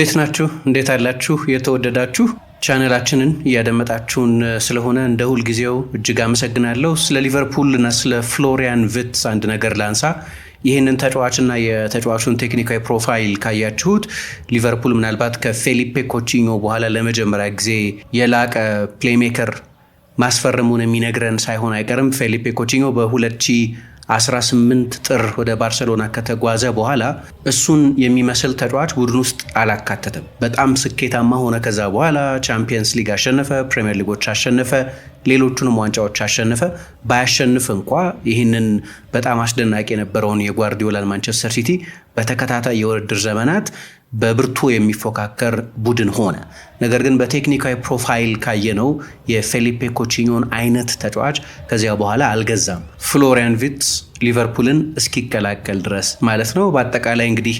እንዴት ናችሁ? እንዴት አላችሁ? የተወደዳችሁ ቻነላችንን እያደመጣችሁን ስለሆነ እንደ ሁልጊዜው እጅግ አመሰግናለሁ። ስለ ሊቨርፑልና ስለ ፍሎሪያን ቪትስ አንድ ነገር ላንሳ። ይህንን ተጫዋችና የተጫዋቹን ቴክኒካዊ ፕሮፋይል ካያችሁት ሊቨርፑል ምናልባት ከፌሊፔ ኮቺኞ በኋላ ለመጀመሪያ ጊዜ የላቀ ፕሌይሜከር ማስፈረሙን የሚነግረን ሳይሆን አይቀርም። ፌሊፔ ኮቺኞ በ 2 18 ጥር ወደ ባርሰሎና ከተጓዘ በኋላ እሱን የሚመስል ተጫዋች ቡድን ውስጥ አላካተትም። በጣም ስኬታማ ሆነ። ከዛ በኋላ ቻምፒየንስ ሊግ አሸነፈ፣ ፕሪሚየር ሊጎች አሸነፈ፣ ሌሎቹንም ዋንጫዎች አሸነፈ። ባያሸንፍ እንኳ ይህንን በጣም አስደናቂ የነበረውን የጓርዲዮላን ማንቸስተር ሲቲ በተከታታይ የውድድር ዘመናት በብርቱ የሚፎካከር ቡድን ሆነ። ነገር ግን በቴክኒካዊ ፕሮፋይል ካየነው የፌሊፔ ኮቺኞን አይነት ተጫዋች ከዚያ በኋላ አልገዛም። ፍሎሪያን ቪትስ ሊቨርፑልን እስኪቀላቀል ድረስ ማለት ነው። በአጠቃላይ እንግዲህ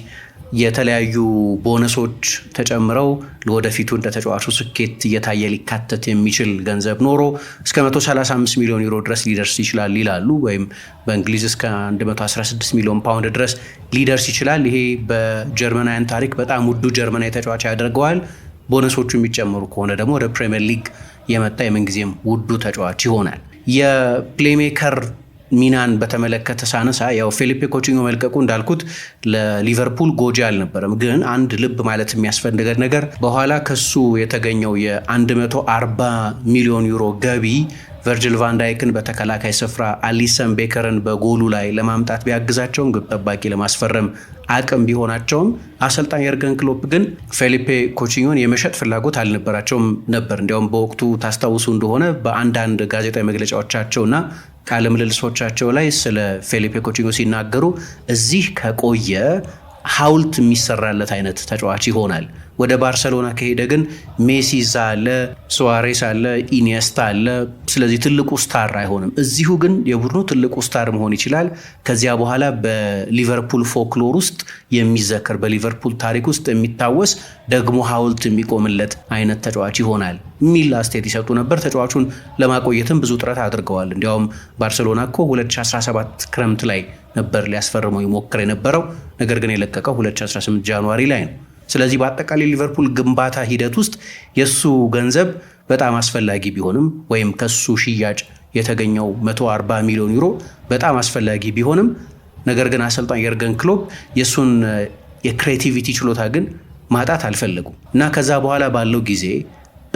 የተለያዩ ቦነሶች ተጨምረው ለወደፊቱ እንደ ተጫዋቹ ስኬት እየታየ ሊካተት የሚችል ገንዘብ ኖሮ እስከ 135 ሚሊዮን ዩሮ ድረስ ሊደርስ ይችላል ይላሉ። ወይም በእንግሊዝ እስከ 116 ሚሊዮን ፓውንድ ድረስ ሊደርስ ይችላል። ይሄ በጀርመናውያን ታሪክ በጣም ውዱ ጀርመናዊ ተጫዋች ያደርገዋል። ቦነሶቹ የሚጨምሩ ከሆነ ደግሞ ወደ ፕሪምየር ሊግ የመጣ የምንጊዜም ውዱ ተጫዋች ይሆናል። የፕሌሜከር ሚናን በተመለከተ ሳነሳ ያው ፌሊፔ ኮቺኞ መልቀቁ እንዳልኩት ለሊቨርፑል ጎጂ አልነበረም። ግን አንድ ልብ ማለት የሚያስፈልገን ነገር በኋላ ከሱ የተገኘው የ140 ሚሊዮን ዩሮ ገቢ ቨርጅል ቫንዳይክን በተከላካይ ስፍራ አሊሰን ቤከርን በጎሉ ላይ ለማምጣት ቢያግዛቸውም ግብ ጠባቂ ለማስፈረም አቅም ቢሆናቸውም አሰልጣኝ የርገን ክሎፕ ግን ፌሊፔ ኮቺኞን የመሸጥ ፍላጎት አልነበራቸውም ነበር። እንዲያውም በወቅቱ ታስታውሱ እንደሆነ በአንዳንድ ጋዜጣዊ መግለጫዎቻቸውና ቃለ ምልልሶቻቸው ላይ ስለ ፌሊፔ ኮቺኞ ሲናገሩ እዚህ ከቆየ ሐውልት የሚሰራለት አይነት ተጫዋች ይሆናል ወደ ባርሰሎና ከሄደ ግን ሜሲ እዛ አለ፣ ሱዋሬስ አለ፣ ኢኒየስታ አለ። ስለዚህ ትልቁ ስታር አይሆንም። እዚሁ ግን የቡድኑ ትልቁ ስታር መሆን ይችላል። ከዚያ በኋላ በሊቨርፑል ፎክሎር ውስጥ የሚዘከር በሊቨርፑል ታሪክ ውስጥ የሚታወስ ደግሞ ሐውልት የሚቆምለት አይነት ተጫዋች ይሆናል የሚል አስተያየት ይሰጡ ነበር። ተጫዋቹን ለማቆየትም ብዙ ጥረት አድርገዋል። እንዲያውም ባርሰሎና እኮ 2017 ክረምት ላይ ነበር ሊያስፈርመው ይሞክር የነበረው ነገር ግን የለቀቀው 2018 ጃንዋሪ ላይ ነው። ስለዚህ በአጠቃላይ ሊቨርፑል ግንባታ ሂደት ውስጥ የእሱ ገንዘብ በጣም አስፈላጊ ቢሆንም ወይም ከሱ ሽያጭ የተገኘው 140 ሚሊዮን ዩሮ በጣም አስፈላጊ ቢሆንም ነገር ግን አሰልጣኝ የርገን ክሎፕ የእሱን የክሬቲቪቲ ችሎታ ግን ማጣት አልፈለጉም እና ከዛ በኋላ ባለው ጊዜ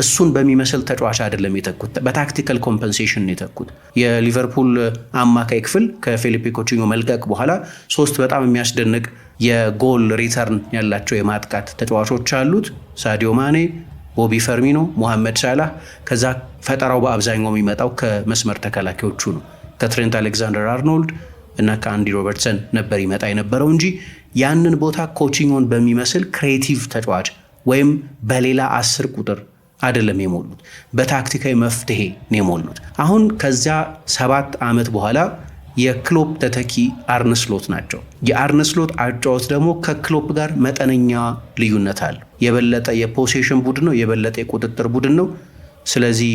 እሱን በሚመስል ተጫዋች አይደለም የተኩት፣ በታክቲካል ኮምፐንሴሽን ነው የተኩት። የሊቨርፑል አማካይ ክፍል ከፊሊፔ ኮቺኞ መልቀቅ በኋላ ሶስት በጣም የሚያስደንቅ የጎል ሪተርን ያላቸው የማጥቃት ተጫዋቾች አሉት። ሳዲዮ ማኔ፣ ቦቢ ፈርሚኖ፣ ሞሐመድ ሳላህ። ከዛ ፈጠራው በአብዛኛው የሚመጣው ከመስመር ተከላካዮቹ ነው። ከትሬንት አሌክዛንደር አርኖልድ እና ከአንዲ ሮበርትሰን ነበር ይመጣ የነበረው እንጂ ያንን ቦታ ኮቺኞን በሚመስል ክሬቲቭ ተጫዋች ወይም በሌላ አስር ቁጥር አይደለም የሞሉት፣ በታክቲካዊ መፍትሄ ነው የሞሉት። አሁን ከዚያ ሰባት ዓመት በኋላ የክሎፕ ተተኪ አርነስሎት ናቸው። የአርነስሎት አጫወት ደግሞ ከክሎፕ ጋር መጠነኛ ልዩነት አለ። የበለጠ የፖሴሽን ቡድን ነው፣ የበለጠ የቁጥጥር ቡድን ነው። ስለዚህ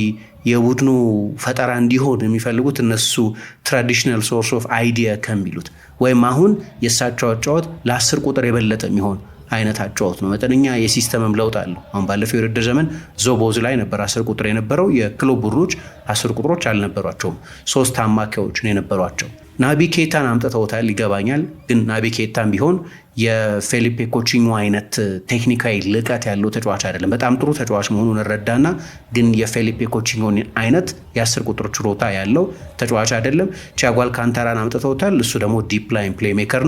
የቡድኑ ፈጠራ እንዲሆን የሚፈልጉት እነሱ ትራዲሽናል ሶርስ ኦፍ አይዲያ ከሚሉት ወይም አሁን የእሳቸው አጫወት ለአስር ቁጥር የበለጠ የሚሆን አይነት አጫወት ነው። መጠነኛ የሲስተምም ለውጥ አለው። አሁን ባለፈው የውድድር ዘመን ዞቦዝ ላይ ነበር አስር ቁጥር የነበረው። የክሎብ ቡድኖች አስር ቁጥሮች አልነበሯቸውም። ሶስት አማካዮች ነው የነበሯቸው። ናቢ ኬታን አምጥተውታል፣ ይገባኛል። ግን ናቢ ኬታን ቢሆን የፌሊፔ ኮቺኞ አይነት ቴክኒካዊ ልቀት ያለው ተጫዋች አይደለም። በጣም ጥሩ ተጫዋች መሆኑን እረዳና ግን የፌሊፔ ኮቺኞን አይነት የአስር ቁጥር ችሎታ ያለው ተጫዋች አይደለም። ቲያጎ አልካንታራን አምጥተውታል። እሱ ደግሞ ዲፕ ላይን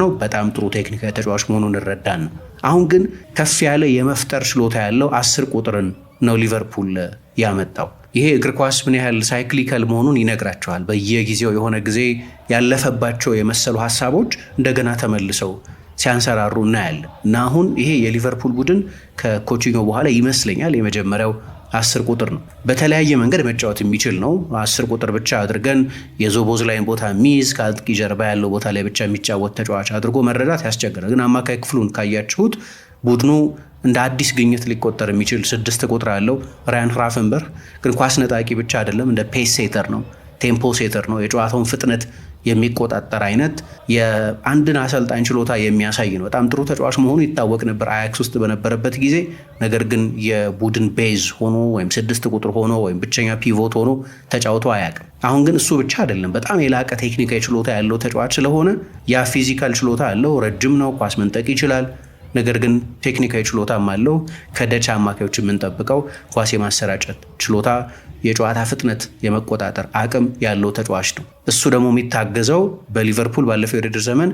ነው። በጣም ጥሩ ቴክኒካዊ ተጫዋች መሆኑን እረዳን አሁን ግን ከፍ ያለ የመፍጠር ችሎታ ያለው አስር ቁጥርን ነው ሊቨርፑል ያመጣው። ይሄ እግር ኳስ ምን ያህል ሳይክሊካል መሆኑን ይነግራቸዋል። በየጊዜው የሆነ ጊዜ ያለፈባቸው የመሰሉ ሀሳቦች እንደገና ተመልሰው ሲያንሰራሩ እናያለን እና አሁን ይሄ የሊቨርፑል ቡድን ከኮቺኞ በኋላ ይመስለኛል የመጀመሪያው አስር ቁጥር ነው። በተለያየ መንገድ መጫወት የሚችል ነው። አስር ቁጥር ብቻ አድርገን የዞቦዝ ላይን ቦታ የሚይዝ ከአጥቂ ጀርባ ያለው ቦታ ላይ ብቻ የሚጫወት ተጫዋች አድርጎ መረዳት ያስቸግራል። ግን አማካይ ክፍሉን ካያችሁት ቡድኑ እንደ አዲስ ግኝት ሊቆጠር የሚችል ስድስት ቁጥር አለው። ራያን ራፍንበር ግን ኳስ ነጣቂ ብቻ አይደለም፣ እንደ ፔስ ሴተር ነው፣ ቴምፖ ሴተር ነው። የጨዋታውን ፍጥነት የሚቆጣጠር አይነት የአንድን አሰልጣኝ ችሎታ የሚያሳይ ነው። በጣም ጥሩ ተጫዋች መሆኑ ይታወቅ ነበር አያክስ ውስጥ በነበረበት ጊዜ። ነገር ግን የቡድን ቤዝ ሆኖ ወይም ስድስት ቁጥር ሆኖ ወይም ብቸኛ ፒቮት ሆኖ ተጫውቶ አያውቅም። አሁን ግን እሱ ብቻ አይደለም፣ በጣም የላቀ ቴክኒካዊ ችሎታ ያለው ተጫዋች ስለሆነ ያ ፊዚካል ችሎታ አለው። ረጅም ነው፣ ኳስ መንጠቅ ይችላል። ነገር ግን ቴክኒካዊ ችሎታም አለው። ከደች አማካዮች የምንጠብቀው ኳስ የማሰራጨት ችሎታ የጨዋታ ፍጥነት የመቆጣጠር አቅም ያለው ተጫዋች ነው። እሱ ደግሞ የሚታገዘው በሊቨርፑል ባለፈው የውድድር ዘመን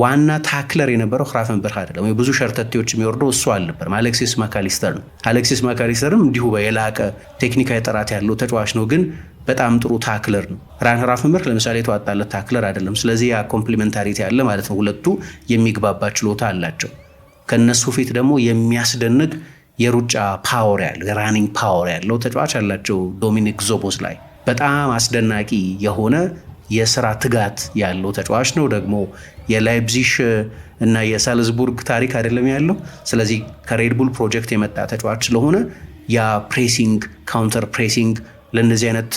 ዋና ታክለር የነበረው ክራፈንበርህ አይደለም ወይ ብዙ ሸርተቴዎች የሚወርደው እሱ አልነበርም፣ አሌክሲስ ማካሊስተር ነው። አሌክሲስ ማካሊስተርም እንዲሁ የላቀ ቴክኒካዊ ጥራት ያለው ተጫዋች ነው፣ ግን በጣም ጥሩ ታክለር ነው። ራያን ክራፈንበርህ ለምሳሌ የተዋጣለት ታክለር አይደለም። ስለዚህ ያ ኮምፕሊመንታሪቲ አለ ማለት ነው። ሁለቱ የሚግባባ ችሎታ አላቸው። ከነሱ ፊት ደግሞ የሚያስደንቅ የሩጫ ፓወር ያለው የራኒንግ ፓወር ያለው ተጫዋች አላቸው። ዶሚኒክ ዞቦስ ላይ በጣም አስደናቂ የሆነ የስራ ትጋት ያለው ተጫዋች ነው። ደግሞ የላይፕዚሽ እና የሳልዝቡርግ ታሪክ አይደለም ያለው። ስለዚህ ከሬድቡል ፕሮጀክት የመጣ ተጫዋች ስለሆነ ያ ፕሬሲንግ፣ ካውንተር ፕሬሲንግ ለእነዚህ አይነት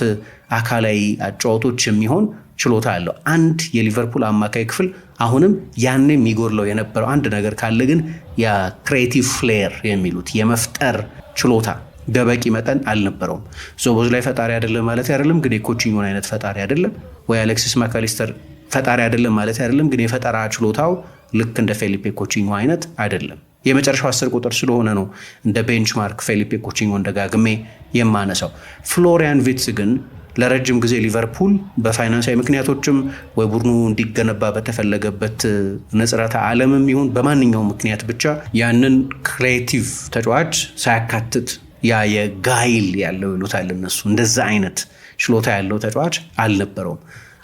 አካላዊ አጫወቶች የሚሆን ችሎታ አለው። አንድ የሊቨርፑል አማካይ ክፍል አሁንም ያን የሚጎድለው የነበረው አንድ ነገር ካለ ግን የክሬቲቭ ፍሌር የሚሉት የመፍጠር ችሎታ በበቂ መጠን አልነበረውም። ዞቦዝ ላይ ፈጣሪ አይደለም ማለት አይደለም፣ ግን የኮችኞን አይነት ፈጣሪ አይደለም። ወይ አሌክሲስ ማካሊስተር ፈጣሪ አይደለም ማለት አይደለም፣ ግን የፈጠራ ችሎታው ልክ እንደ ፌሊፔ ኮችኞ አይነት አይደለም። የመጨረሻው አስር ቁጥር ስለሆነ ነው እንደ ቤንችማርክ ፌሊፔ ኮችኞን ደጋግሜ የማነሳው። ፍሎሪያን ቪትስ ግን ለረጅም ጊዜ ሊቨርፑል በፋይናንሳዊ ምክንያቶችም ወይ ቡድኑ እንዲገነባ በተፈለገበት ንጽረተ ዓለምም ይሁን በማንኛውም ምክንያት ብቻ ያንን ክሬቲቭ ተጫዋች ሳያካትት ያ የጋይል ያለው ይሉታል እነሱ እንደዛ አይነት ችሎታ ያለው ተጫዋች አልነበረውም።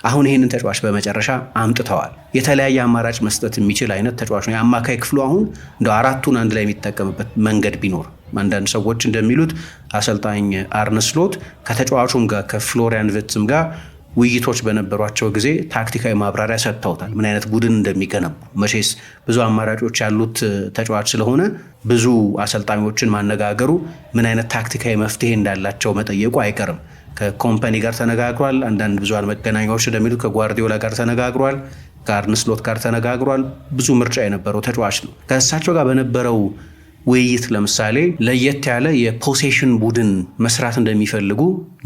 አሁን ይህንን ተጫዋች በመጨረሻ አምጥተዋል። የተለያየ አማራጭ መስጠት የሚችል አይነት ተጫዋች ነው። የአማካይ ክፍሉ አሁን እንደ አራቱን አንድ ላይ የሚጠቀምበት መንገድ ቢኖር አንዳንድ ሰዎች እንደሚሉት አሰልጣኝ አርነስሎት ከተጫዋቹም ጋር ከፍሎሪያን ቨትስም ጋር ውይይቶች በነበሯቸው ጊዜ ታክቲካዊ ማብራሪያ ሰጥተውታል። ምን አይነት ቡድን እንደሚገነቡ መቼስ ብዙ አማራጮች ያሉት ተጫዋች ስለሆነ ብዙ አሰልጣኞችን ማነጋገሩ ምን አይነት ታክቲካዊ መፍትሄ እንዳላቸው መጠየቁ አይቀርም። ከኮምፓኒ ጋር ተነጋግሯል። አንዳንድ ብዙሃን መገናኛዎች እንደሚሉት ከጓርዲዮላ ጋር ተነጋግሯል፣ ከአርንስሎት ጋር ተነጋግሯል። ብዙ ምርጫ የነበረው ተጫዋች ነው። ከእሳቸው ጋር በነበረው ውይይት ለምሳሌ ለየት ያለ የፖሴሽን ቡድን መስራት እንደሚፈልጉ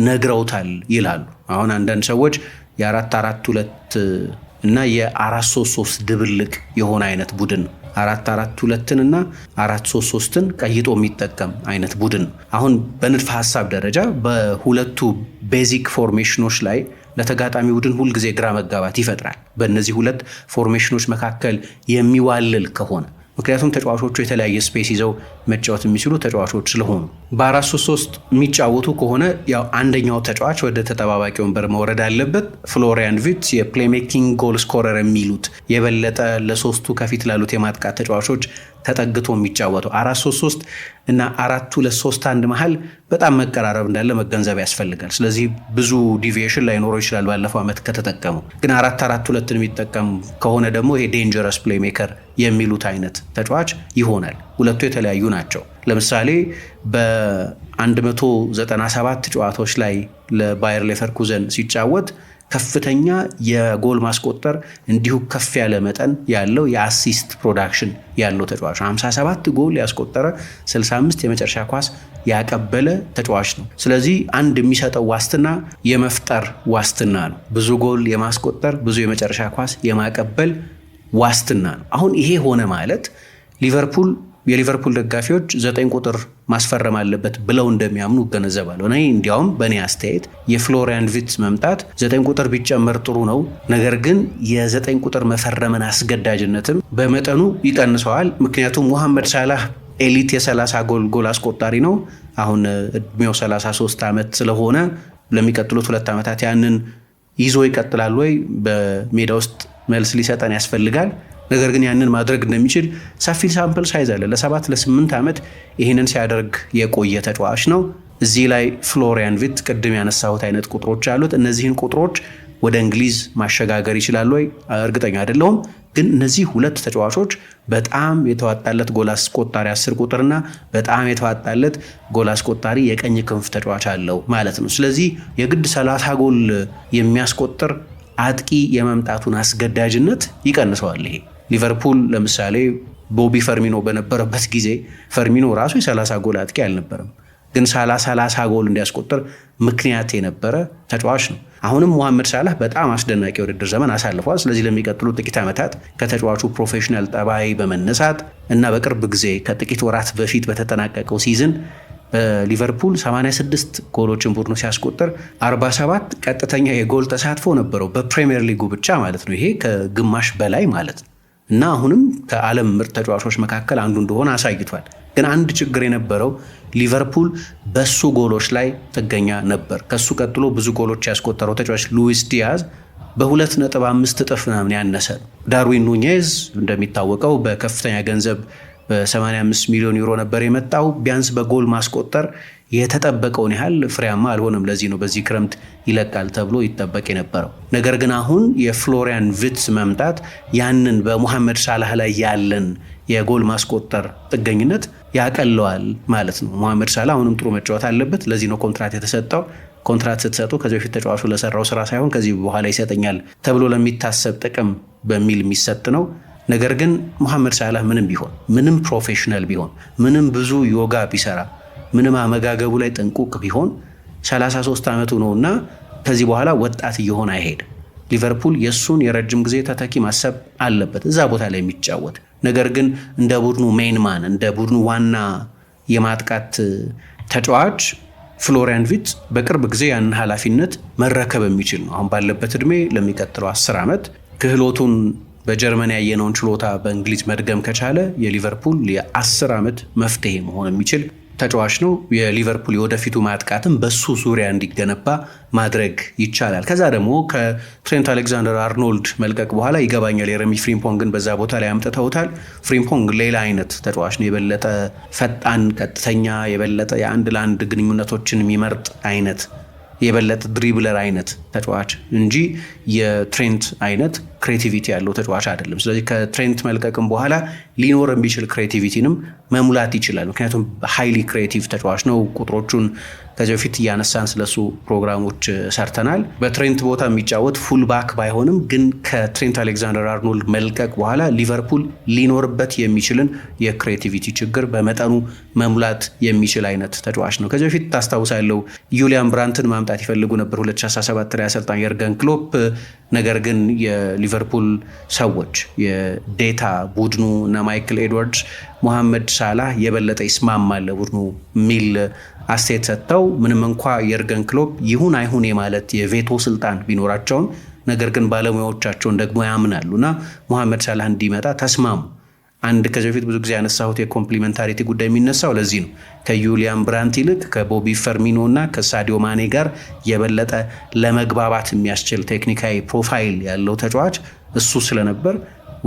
ነግረውታል ይላሉ። አሁን አንዳንድ ሰዎች የአራት አራት ሁለት እና የአራት ሶስት ሶስት ድብልቅ የሆነ አይነት ቡድን አራት አራት ሁለትን እና አራት ሶስት ሶስትን ቀይጦ የሚጠቀም አይነት ቡድን አሁን በንድፈ ሀሳብ ደረጃ በሁለቱ ቤዚክ ፎርሜሽኖች ላይ ለተጋጣሚ ቡድን ሁልጊዜ ግራ መጋባት ይፈጥራል። በእነዚህ ሁለት ፎርሜሽኖች መካከል የሚዋልል ከሆነ ምክንያቱም ተጫዋቾቹ የተለያየ ስፔስ ይዘው መጫወት የሚችሉ ተጫዋቾች ስለሆኑ በአራት ሶስት ሶስት የሚጫወቱ ከሆነ ያው አንደኛው ተጫዋች ወደ ተጠባባቂ ወንበር መውረድ አለበት። ፍሎሪያን ቪትስ የፕሌሜኪንግ ጎል ስኮረር የሚሉት የበለጠ ለሶስቱ ከፊት ላሉት የማጥቃት ተጫዋቾች ተጠግቶ የሚጫወተው አራት ሶስት ሶስት እና አራት ሁለት ሶስት አንድ መሀል በጣም መቀራረብ እንዳለ መገንዘብ ያስፈልጋል። ስለዚህ ብዙ ዲቪዬሽን ላይኖረው ይችላል። ባለፈው ዓመት ከተጠቀሙ ግን አራት አራት ሁለትን የሚጠቀሙ ከሆነ ደግሞ ይሄ ዴንጀረስ ፕሌሜከር የሚሉት አይነት ተጫዋች ይሆናል። ሁለቱ የተለያዩ ናቸው። ለምሳሌ በ197 ጨዋታዎች ላይ ለባየር ሌቨርኩዘን ሲጫወት ከፍተኛ የጎል ማስቆጠር እንዲሁ ከፍ ያለ መጠን ያለው የአሲስት ፕሮዳክሽን ያለው ተጫዋች 57 ጎል ያስቆጠረ 65 የመጨረሻ ኳስ ያቀበለ ተጫዋች ነው። ስለዚህ አንድ የሚሰጠው ዋስትና የመፍጠር ዋስትና ነው። ብዙ ጎል የማስቆጠር ብዙ የመጨረሻ ኳስ የማቀበል ዋስትና ነው። አሁን ይሄ ሆነ ማለት ሊቨርፑል የሊቨርፑል ደጋፊዎች ዘጠኝ ቁጥር ማስፈረም አለበት ብለው እንደሚያምኑ እገነዘባለሁ። እኔ እንዲያውም በእኔ አስተያየት የፍሎሪያን ቪትስ መምጣት ዘጠኝ ቁጥር ቢጨመር ጥሩ ነው፣ ነገር ግን የዘጠኝ ቁጥር መፈረምን አስገዳጅነትም በመጠኑ ይቀንሰዋል። ምክንያቱም ሙሐመድ ሳላህ ኤሊት የ30 ጎል ጎል አስቆጣሪ ነው። አሁን እድሜው 33 ዓመት ስለሆነ ለሚቀጥሉት ሁለት ዓመታት ያንን ይዞ ይቀጥላል ወይ በሜዳ ውስጥ መልስ ሊሰጠን ያስፈልጋል። ነገር ግን ያንን ማድረግ እንደሚችል ሰፊ ሳምፕል ሳይዝ አለ። ለሰባት ለስምንት ዓመት ይህንን ሲያደርግ የቆየ ተጫዋች ነው። እዚህ ላይ ፍሎሪያን ቪት ቅድም ያነሳሁት አይነት ቁጥሮች አሉት። እነዚህን ቁጥሮች ወደ እንግሊዝ ማሸጋገር ይችላል ወይ እርግጠኛ አይደለሁም። ግን እነዚህ ሁለት ተጫዋቾች በጣም የተዋጣለት ጎል አስቆጣሪ አስር ቁጥርና በጣም የተዋጣለት ጎል አስቆጣሪ የቀኝ ክንፍ ተጫዋች አለው ማለት ነው። ስለዚህ የግድ ሰላሳ ጎል የሚያስቆጥር አጥቂ የመምጣቱን አስገዳጅነት ይቀንሰዋል ይሄ ሊቨርፑል ለምሳሌ ቦቢ ፈርሚኖ በነበረበት ጊዜ ፈርሚኖ ራሱ የ30 ጎል አጥቂ አልነበረም፣ ግን ሳላ 30 ጎል እንዲያስቆጥር ምክንያት የነበረ ተጫዋች ነው። አሁንም ሙሐመድ ሳላህ በጣም አስደናቂ የውድድር ዘመን አሳልፏል። ስለዚህ ለሚቀጥሉ ጥቂት ዓመታት ከተጫዋቹ ፕሮፌሽናል ጠባይ በመነሳት እና በቅርብ ጊዜ ከጥቂት ወራት በፊት በተጠናቀቀው ሲዝን በሊቨርፑል 86 ጎሎችን ቡድኑ ሲያስቆጠር 47 ቀጥተኛ የጎል ተሳትፎ ነበረው በፕሪምየር ሊጉ ብቻ ማለት ነው። ይሄ ከግማሽ በላይ ማለት ነው። እና አሁንም ከዓለም ምርጥ ተጫዋቾች መካከል አንዱ እንደሆነ አሳይቷል። ግን አንድ ችግር የነበረው ሊቨርፑል በሱ ጎሎች ላይ ጥገኛ ነበር። ከሱ ቀጥሎ ብዙ ጎሎች ያስቆጠረው ተጫዋች ሉዊስ ዲያዝ በሁለት ነጥብ አምስት እጥፍ ምናምን ያነሰ ዳርዊን ኑኔዝ እንደሚታወቀው በከፍተኛ ገንዘብ በ85 ሚሊዮን ዩሮ ነበር የመጣው። ቢያንስ በጎል ማስቆጠር የተጠበቀውን ያህል ፍሬያማ አልሆነም። ለዚህ ነው በዚህ ክረምት ይለቃል ተብሎ ይጠበቅ የነበረው። ነገር ግን አሁን የፍሎሪያን ቪትስ መምጣት ያንን በሙሐመድ ሳላህ ላይ ያለን የጎል ማስቆጠር ጥገኝነት ያቀለዋል ማለት ነው። ሙሐመድ ሳላህ አሁንም ጥሩ መጫወት አለበት። ለዚህ ነው ኮንትራት የተሰጠው። ኮንትራት ስትሰጡ ከዚህ በፊት ተጫዋቹ ለሰራው ስራ ሳይሆን ከዚህ በኋላ ይሰጠኛል ተብሎ ለሚታሰብ ጥቅም በሚል የሚሰጥ ነው። ነገር ግን ሙሐመድ ሳላህ ምንም ቢሆን ምንም ፕሮፌሽናል ቢሆን ምንም ብዙ ዮጋ ቢሰራ ምንም አመጋገቡ ላይ ጥንቁቅ ቢሆን 33 ዓመቱ ነውና ከዚህ በኋላ ወጣት እየሆነ አይሄድ ሊቨርፑል የእሱን የረጅም ጊዜ ተተኪ ማሰብ አለበት፣ እዛ ቦታ ላይ የሚጫወት ነገር ግን እንደ ቡድኑ ሜንማን እንደ ቡድኑ ዋና የማጥቃት ተጫዋች ፍሎሪያን ቪት በቅርብ ጊዜ ያንን ኃላፊነት መረከብ የሚችል ነው። አሁን ባለበት እድሜ ለሚቀጥለው 10 ዓመት ክህሎቱን በጀርመን ያየነውን ችሎታ በእንግሊዝ መድገም ከቻለ የሊቨርፑል የ10 ዓመት መፍትሄ መሆን የሚችል ተጫዋች ነው። የሊቨርፑል የወደፊቱ ማጥቃትም በሱ ዙሪያ እንዲገነባ ማድረግ ይቻላል። ከዛ ደግሞ ከትሬንት አሌክዛንደር አርኖልድ መልቀቅ በኋላ ይገባኛል የረሚ ፍሪምፖንግን በዛ ቦታ ላይ አምጥተውታል። ፍሪምፖንግ ሌላ አይነት ተጫዋች ነው። የበለጠ ፈጣን፣ ቀጥተኛ፣ የበለጠ የአንድ ለአንድ ግንኙነቶችን የሚመርጥ አይነት የበለጠ ድሪብለር አይነት ተጫዋች እንጂ የትሬንት አይነት ክሬቲቪቲ ያለው ተጫዋች አይደለም። ስለዚህ ከትሬንት መልቀቅም በኋላ ሊኖር የሚችል ክሬቲቪቲንም መሙላት ይችላል። ምክንያቱም ሃይሊ ክሬቲቭ ተጫዋች ነው። ቁጥሮቹን ከዚህ በፊት እያነሳን ስለሱ ፕሮግራሞች ሰርተናል። በትሬንት ቦታ የሚጫወት ፉል ባክ ባይሆንም ግን ከትሬንት አሌክዛንደር አርኖልድ መልቀቅ በኋላ ሊቨርፑል ሊኖርበት የሚችልን የክሬቲቪቲ ችግር በመጠኑ መሙላት የሚችል አይነት ተጫዋች ነው። ከዚህ በፊት ታስታውሳለው ዩሊያን ብራንትን ማምጣት ይፈልጉ ነበር 2017 ላይ አሰልጣኝ የርገን ክሎፕ ነገር ግን የሊቨርፑል ሰዎች የዴታ ቡድኑ እና ማይክል ኤድዋርድስ ሞሐመድ ሳላህ የበለጠ ይስማማል ለቡድኑ ሚል አስተያየት ሰጥተው ምንም እንኳ የእርገን ክሎፕ ይሁን አይሁን የማለት የቬቶ ስልጣን ቢኖራቸውም ነገር ግን ባለሙያዎቻቸውን ደግሞ ያምናሉ እና ሞሐመድ ሳላህ እንዲመጣ ተስማሙ። አንድ ከዚ በፊት ብዙ ጊዜ ያነሳሁት የኮምፕሊመንታሪቲ ጉዳይ የሚነሳው ለዚህ ነው። ከዩሊያን ብራንት ይልቅ ከቦቢ ፈርሚኖ እና ከሳዲዮ ማኔ ጋር የበለጠ ለመግባባት የሚያስችል ቴክኒካዊ ፕሮፋይል ያለው ተጫዋች እሱ ስለነበር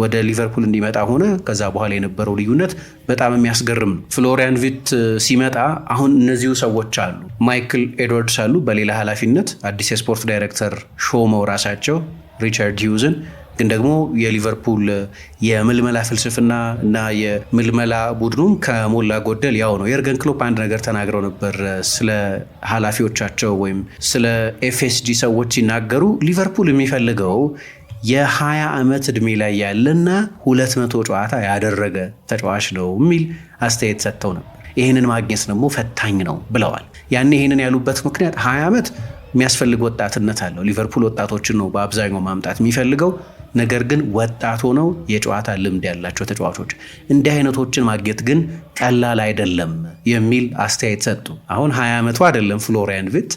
ወደ ሊቨርፑል እንዲመጣ ሆነ። ከዛ በኋላ የነበረው ልዩነት በጣም የሚያስገርም ነው። ፍሎሪያን ቪት ሲመጣ አሁን እነዚሁ ሰዎች አሉ። ማይክል ኤድዋርድስ አሉ በሌላ ኃላፊነት አዲስ የስፖርት ዳይሬክተር ሾመው ራሳቸው ሪቻርድ ሂውዝን ግን ደግሞ የሊቨርፑል የምልመላ ፍልስፍና እና የምልመላ ቡድኑም ከሞላ ጎደል ያው ነው። የርገን ክሎፕ አንድ ነገር ተናግረው ነበር ስለ ኃላፊዎቻቸው ወይም ስለ ኤፍኤስጂ ሰዎች ሲናገሩ ሊቨርፑል የሚፈልገው የ20 ዓመት ዕድሜ ላይ ያለና 200 ጨዋታ ያደረገ ተጫዋች ነው የሚል አስተያየት ሰጥተው ነበር። ይህንን ማግኘት ደግሞ ፈታኝ ነው ብለዋል። ያኔ ይህንን ያሉበት ምክንያት 20 ዓመት የሚያስፈልግ ወጣትነት አለው። ሊቨርፑል ወጣቶችን ነው በአብዛኛው ማምጣት የሚፈልገው። ነገር ግን ወጣት ሆነው የጨዋታ ልምድ ያላቸው ተጫዋቾች እንዲህ አይነቶችን ማግኘት ግን ቀላል አይደለም የሚል አስተያየት ሰጡ። አሁን 20 ዓመቱ አይደለም ፍሎሪያን ቪት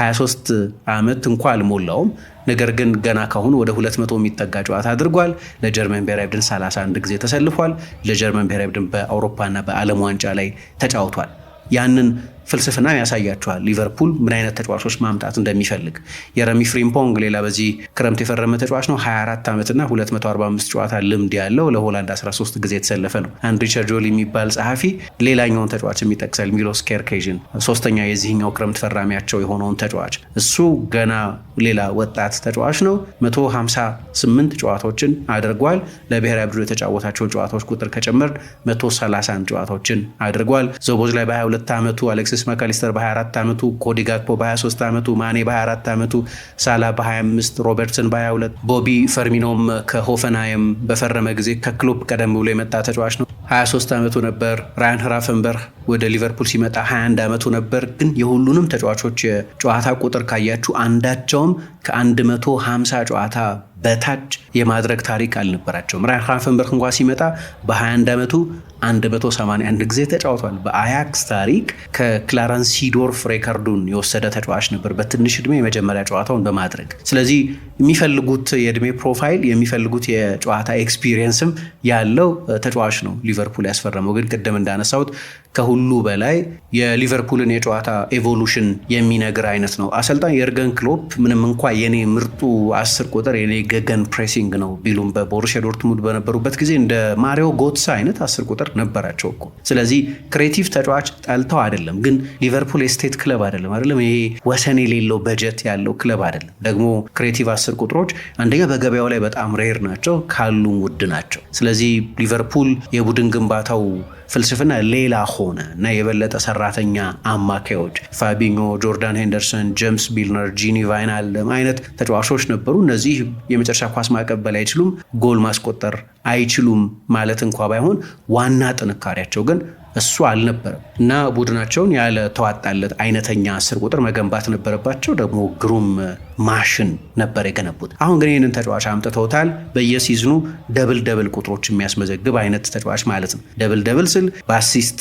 23 ዓመት እንኳ አልሞላውም። ነገር ግን ገና ካሁን ወደ 200 የሚጠጋ ጨዋታ አድርጓል። ለጀርመን ብሔራዊ ቡድን 31 ጊዜ ተሰልፏል። ለጀርመን ብሔራዊ ቡድን በአውሮፓና በዓለም ዋንጫ ላይ ተጫውቷል። ያንን ፍልስፍና ያሳያቸዋል። ሊቨርፑል ምን አይነት ተጫዋቾች ማምጣት እንደሚፈልግ የረሚ ፍሪምፖንግ ሌላ በዚህ ክረምት የፈረመ ተጫዋች ነው። 24 ዓመትና 245 ጨዋታ ልምድ ያለው ለሆላንድ 13 ጊዜ የተሰለፈ ነው። አንድ ሪቻርድ ጆሊ የሚባል ጸሐፊ ሌላኛውን ተጫዋች የሚጠቅሳል ሚሎስ ኬርኬዥን፣ ሶስተኛ የዚህኛው ክረምት ፈራሚያቸው የሆነውን ተጫዋች። እሱ ገና ሌላ ወጣት ተጫዋች ነው። 158 ጨዋታዎችን አድርጓል። ለብሔራዊ ቡድኑ የተጫወታቸውን ጨዋታዎች ቁጥር ከጨመር 131 ጨዋታዎችን አድርጓል። ዘቦዝ ላይ በ22 ዓመቱ አሌክስ አሌክስ መካሊስተር በ24 ዓመቱ፣ ኮዲ ጋክፖ በ23 ዓመቱ፣ ማኔ በ24 ዓመቱ፣ ሳላ በ25፣ ሮበርትሰን በ22፣ ቦቢ ፈርሚኖም ከሆፈንሃይም በፈረመ ጊዜ ከክሎፕ ቀደም ብሎ የመጣ ተጫዋች ነው። 23 ዓመቱ ነበር። ራያን ራፈንበር ወደ ሊቨርፑል ሲመጣ 21 ዓመቱ ነበር። ግን የሁሉንም ተጫዋቾች የጨዋታ ቁጥር ካያችሁ አንዳቸውም ከ150 ጨዋታ በታች የማድረግ ታሪክ አልነበራቸውም። ራያን ግራፈንበርክ እንኳ ሲመጣ በ21 ዓመቱ 181 ጊዜ ተጫውቷል። በአያክስ ታሪክ ከክላረንስ ሲዶርፍ ሬከርዱን የወሰደ ተጫዋች ነበር፣ በትንሽ እድሜ የመጀመሪያ ጨዋታውን በማድረግ ስለዚህ የሚፈልጉት የእድሜ ፕሮፋይል የሚፈልጉት የጨዋታ ኤክስፒሪየንስም ያለው ተጫዋች ነው ሊቨርፑል ያስፈረመው። ግን ቅድም እንዳነሳሁት ከሁሉ በላይ የሊቨርፑልን የጨዋታ ኤቮሉሽን የሚነግር አይነት ነው። አሰልጣኝ የርገን ክሎፕ ምንም እንኳ የኔ ምርጡ አስር ቁጥር የኔ ገገን ፕሬሲንግ ነው ቢሉም በቦሩሲያ ዶርትሙድ በነበሩበት ጊዜ እንደ ማሪዮ ጎትሳ አይነት አስር ቁጥር ነበራቸው እኮ። ስለዚህ ክሬቲቭ ተጫዋች ጠልተው አይደለም፣ ግን ሊቨርፑል የስቴት ክለብ አይደለም አይደለም፣ ይሄ ወሰን የሌለው በጀት ያለው ክለብ አይደለም። ደግሞ ክሬቲቭ አስር ቁጥሮች አንደኛ በገበያው ላይ በጣም ሬር ናቸው፣ ካሉም ውድ ናቸው። ስለዚህ ሊቨርፑል የቡድን ግንባታው ፍልስፍና ሌላ ሆነ እና የበለጠ ሰራተኛ አማካዮች ፋቢኞ፣ ጆርዳን ሄንደርሰን፣ ጄምስ ቢልነር፣ ጂኒ ቫይንአለም አይነት ተጫዋቾች ነበሩ። እነዚህ የመጨረሻ ኳስ ማቀበል አይችሉም፣ ጎል ማስቆጠር አይችሉም ማለት እንኳ ባይሆን ዋና ጥንካሬያቸው ግን እሱ አልነበረም እና ቡድናቸውን ያለ ተዋጣለት አይነተኛ አስር ቁጥር መገንባት ነበረባቸው። ደግሞ ግሩም ማሽን ነበር የገነቡት። አሁን ግን ይህንን ተጫዋች አምጥተውታል። በየሲዝኑ ደብል ደብል ቁጥሮች የሚያስመዘግብ አይነት ተጫዋች ማለት ነው። ደብል ደብል ስል በአሲስት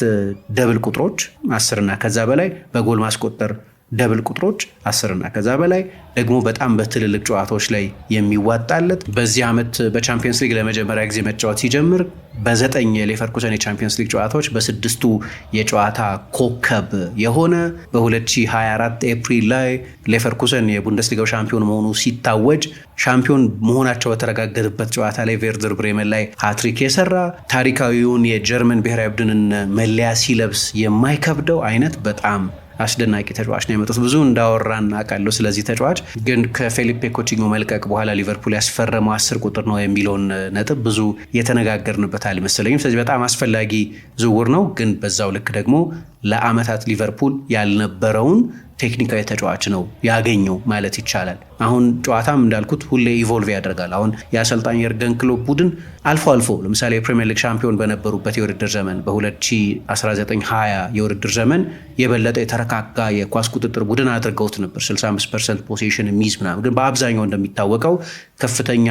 ደብል ቁጥሮች አስርና ከዛ በላይ በጎል ማስቆጠር ደብል ቁጥሮች አስርና ከዛ በላይ ደግሞ በጣም በትልልቅ ጨዋታዎች ላይ የሚዋጣለት በዚህ ዓመት በቻምፒየንስ ሊግ ለመጀመሪያ ጊዜ መጫወት ሲጀምር በዘጠኝ የሌቨርኩሰን የቻምፒየንስ ሊግ ጨዋታዎች በስድስቱ የጨዋታ ኮከብ የሆነ በ2024 ኤፕሪል ላይ ሌቨርኩሰን የቡንደስሊጋው ሻምፒዮን መሆኑ ሲታወጅ ሻምፒዮን መሆናቸው በተረጋገጠበት ጨዋታ ላይ ቬርድር ብሬመን ላይ ሃትሪክ የሰራ ታሪካዊውን የጀርመን ብሔራዊ ቡድንን መለያ ሲለብስ የማይከብደው አይነት በጣም አስደናቂ ተጫዋች ነው የመጡት። ብዙ እንዳወራ አውቃለሁ ስለዚህ ተጫዋች ግን ከፌሊፔ ኮቺኞ መልቀቅ በኋላ ሊቨርፑል ያስፈረመው አስር ቁጥር ነው የሚለውን ነጥብ ብዙ የተነጋገርንበት አልመሰለኝም። ስለዚህ በጣም አስፈላጊ ዝውውር ነው፣ ግን በዛው ልክ ደግሞ ለአመታት ሊቨርፑል ያልነበረውን ቴክኒካዊ ተጫዋች ነው ያገኘው ማለት ይቻላል። አሁን ጨዋታም እንዳልኩት ሁሌ ኢቮልቭ ያደርጋል። አሁን የአሰልጣኝ የርገን ክሎፕ ቡድን አልፎ አልፎ ለምሳሌ የፕሪምየር ሊግ ሻምፒዮን በነበሩበት የውድድር ዘመን በ2019/20 የውድድር ዘመን የበለጠ የተረካካ የኳስ ቁጥጥር ቡድን አድርገውት ነበር። 65 ፐርሰንት ፖሴሽን የሚይዝ ምናምን፣ ግን በአብዛኛው እንደሚታወቀው ከፍተኛ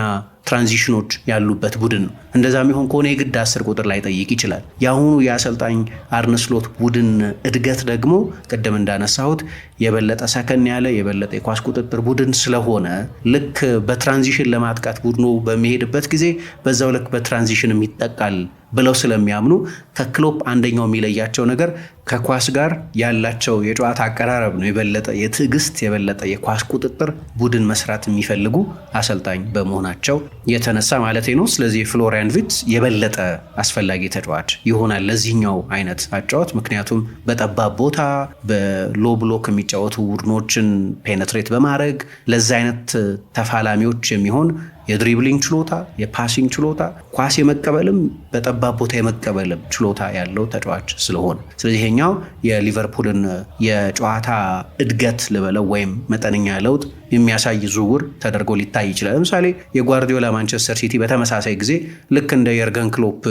ትራንዚሽኖች ያሉበት ቡድን ነው። እንደዛ ሆን ከሆነ የግድ አስር ቁጥር ላይ ጠይቅ ይችላል። የአሁኑ የአሰልጣኝ አርነስሎት ቡድን እድገት ደግሞ ቅድም እንዳነሳሁት የበለጠ ሰከን ያለ የበለጠ የኳስ ቁጥጥር ቡድን ስለሆነ ልክ በትራንዚሽን ለማጥቃት ቡድኑ በሚሄድበት ጊዜ በዛው ልክ በትራንዚሽንም ይጠቃል ብለው ስለሚያምኑ ከክሎፕ አንደኛው የሚለያቸው ነገር ከኳስ ጋር ያላቸው የጨዋታ አቀራረብ ነው። የበለጠ የትዕግስት የበለጠ የኳስ ቁጥጥር ቡድን መስራት የሚፈልጉ አሰልጣኝ በመሆናቸው የተነሳ ማለት ነው። ስለዚህ ፍሎሪያን ቪትዝ የበለጠ አስፈላጊ ተጫዋች ይሆናል ለዚህኛው አይነት አጫወት። ምክንያቱም በጠባብ ቦታ በሎ ብሎክ የሚጫወቱ ቡድኖችን ፔኔትሬት በማድረግ ለዛ አይነት ተፋላሚዎች የሚሆን የድሪብሊንግ ችሎታ፣ የፓሲንግ ችሎታ፣ ኳስ የመቀበልም በጠባብ ቦታ የመቀበልም ችሎታ ያለው ተጫዋች ስለሆነ ስለዚህ ይሄኛው የሊቨርፑልን የጨዋታ እድገት ልበለው ወይም መጠነኛ ለውጥ የሚያሳይ ዝውውር ተደርጎ ሊታይ ይችላል። ለምሳሌ የጓርዲዮላ ማንቸስተር ሲቲ በተመሳሳይ ጊዜ ልክ እንደ የርገን ክሎፕ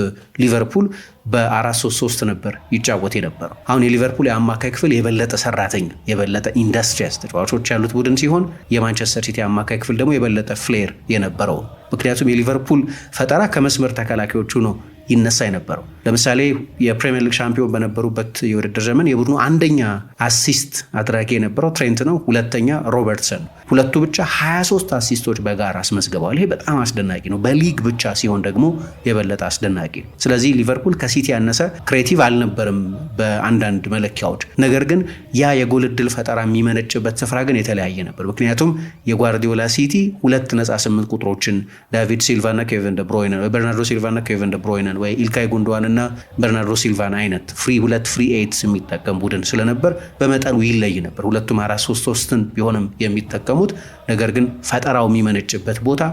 ሊቨርፑል በ 433 ነበር ይጫወት የነበረው። አሁን የሊቨርፑል የአማካይ ክፍል የበለጠ ሰራተኛ፣ የበለጠ ኢንዱስትሪያስ ተጫዋቾች ያሉት ቡድን ሲሆን የማንቸስተር ሲቲ አማካይ ክፍል ደግሞ የበለጠ ፍሌር የነበረው ምክንያቱም የሊቨርፑል ፈጠራ ከመስመር ተከላካዮቹ ነው ይነሳ የነበረው። ለምሳሌ የፕሪሚየር ሊግ ሻምፒዮን በነበሩበት የውድድር ዘመን የቡድኑ አንደኛ አሲስት አድራጊ የነበረው ትሬንት ነው። ሁለተኛ ሮበርትሰን። ሁለቱ ብቻ 23 አሲስቶች በጋራ አስመዝግበዋል። ይሄ በጣም አስደናቂ ነው። በሊግ ብቻ ሲሆን ደግሞ የበለጠ አስደናቂ ነው። ስለዚህ ሊቨርፑል ከሲቲ ያነሰ ክሬቲቭ አልነበርም በአንዳንድ መለኪያዎች። ነገር ግን ያ የጎል እድል ፈጠራ የሚመነጭበት ስፍራ ግን የተለያየ ነበር። ምክንያቱም የጓርዲዮላ ሲቲ ሁለት ነጻ ስምንት ቁጥሮችን ዳቪድ ሲልቫና ኬቨን ደብሮይነን፣ በርናርዶ ሲልቫና ኬቨን ደብሮይነን ወይ ኢልካይ ጉንዶዋን እና በርናርዶ ሲልቫን አይነት ፍሪ ሁለት ፍሪ ኤይትስ የሚጠቀም ቡድን ስለነበር በመጠኑ ይለይ ነበር። ሁለቱም አራት ሶስት ሶስትን ቢሆንም የሚጠቀሙት ነገር ግን ፈጠራው የሚመነጭበት ቦታ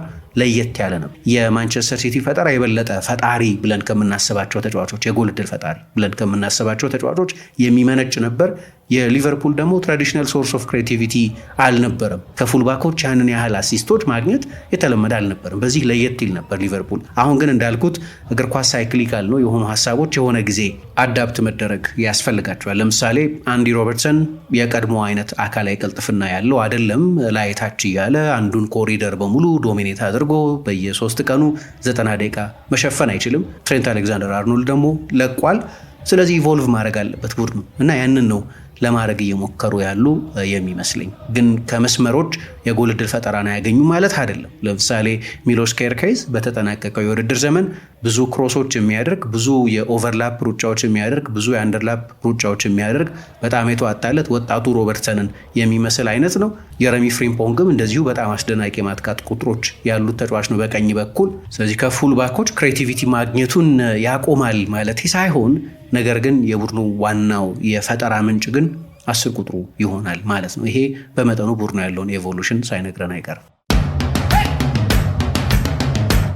ለየት ያለ ነው። የማንቸስተር ሲቲ ፈጠራ የበለጠ ፈጣሪ ብለን ከምናስባቸው ተጫዋቾች የጎል ዕድል ፈጣሪ ብለን ከምናስባቸው ተጫዋቾች የሚመነጭ ነበር። የሊቨርፑል ደግሞ ትራዲሽናል ሶርስ ኦፍ ክሬቲቪቲ አልነበረም። ከፉልባኮች ያንን ያህል አሲስቶች ማግኘት የተለመደ አልነበረም። በዚህ ለየት ይል ነበር ሊቨርፑል። አሁን ግን እንዳልኩት እግር ኳስ ሳይክሊካል ነው። የሆኑ ሀሳቦች የሆነ ጊዜ አዳብት መደረግ ያስፈልጋቸዋል። ለምሳሌ አንዲ ሮበርትሰን የቀድሞ አይነት አካላዊ ቅልጥፍና ያለው አይደለም። ላይታች እያለ አንዱን ኮሪደር በሙሉ ዶሚኔት አድርጎ አድርጎ በየሶስት ቀኑ ዘጠና ደቂቃ መሸፈን አይችልም። ትሬንት አሌክዛንደር አርኖልድ ደግሞ ለቋል። ስለዚህ ኢቮልቭ ማድረግ አለበት ቡድኑ እና ያንን ነው ለማድረግ እየሞከሩ ያሉ የሚመስለኝ። ግን ከመስመሮች የጎል እድል ፈጠራን አያገኙ ማለት አይደለም። ለምሳሌ ሚሎስ ኬርኬዝ በተጠናቀቀው የውድድር ዘመን ብዙ ክሮሶች የሚያደርግ ብዙ የኦቨርላፕ ሩጫዎች የሚያደርግ ብዙ የአንደርላፕ ሩጫዎች የሚያደርግ በጣም የተዋጣለት ወጣቱ ሮበርትሰንን የሚመስል አይነት ነው። የረሚ ፍሪምፖንግም እንደዚሁ በጣም አስደናቂ የማጥቃት ቁጥሮች ያሉት ተጫዋች ነው በቀኝ በኩል። ስለዚህ ከፉል ባኮች ክሬቲቪቲ ማግኘቱን ያቆማል ማለት ሳይሆን፣ ነገር ግን የቡድኑ ዋናው የፈጠራ ምንጭ ግን አስር ቁጥሩ ይሆናል ማለት ነው። ይሄ በመጠኑ ቡድኑ ያለውን ኤቮሉሽን ሳይነግረን አይቀርም።